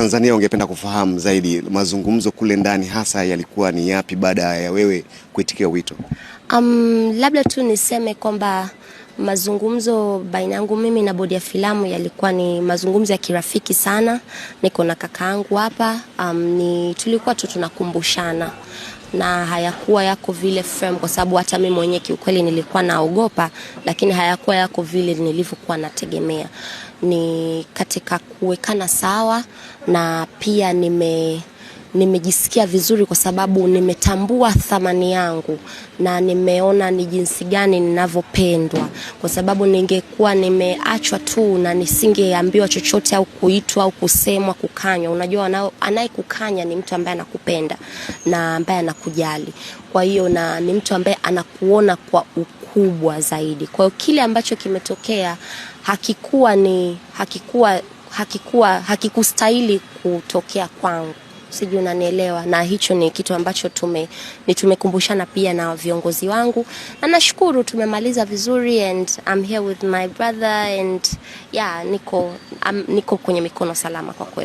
Watanzania wangependa kufahamu zaidi mazungumzo kule ndani hasa yalikuwa ni yapi baada ya wewe kuitikia wito? Um, labda tu niseme kwamba Mazungumzo baina yangu mimi na bodi ya filamu yalikuwa ni mazungumzo ya kirafiki sana. Niko na kakaangu hapa um, ni tulikuwa tu tunakumbushana na hayakuwa yako vile firm, kwa sababu hata mimi mwenyewe kiukweli nilikuwa naogopa, lakini hayakuwa yako vile nilivyokuwa nategemea. Ni katika kuwekana sawa na pia nime nimejisikia vizuri kwa sababu nimetambua thamani yangu na nimeona ni jinsi gani ninavyopendwa, kwa sababu ningekuwa nimeachwa tu na nisingeambiwa chochote au kuitwa au kusemwa, kukanywa. Unajua, anayekukanya ni mtu ambaye anakupenda na ambaye anakujali, kwa hiyo na ni mtu ambaye anakuona kwa ukubwa zaidi. Kwa hiyo kile ambacho kimetokea hakikuwa ni hakikuwa hakikuwa hakikustahili kutokea kwangu sijui unanielewa, na hicho ni kitu ambacho tume ni tumekumbushana pia na viongozi wangu, na nashukuru tumemaliza vizuri and I'm here with my brother and yeah, niko um, niko kwenye mikono salama kwa kweli.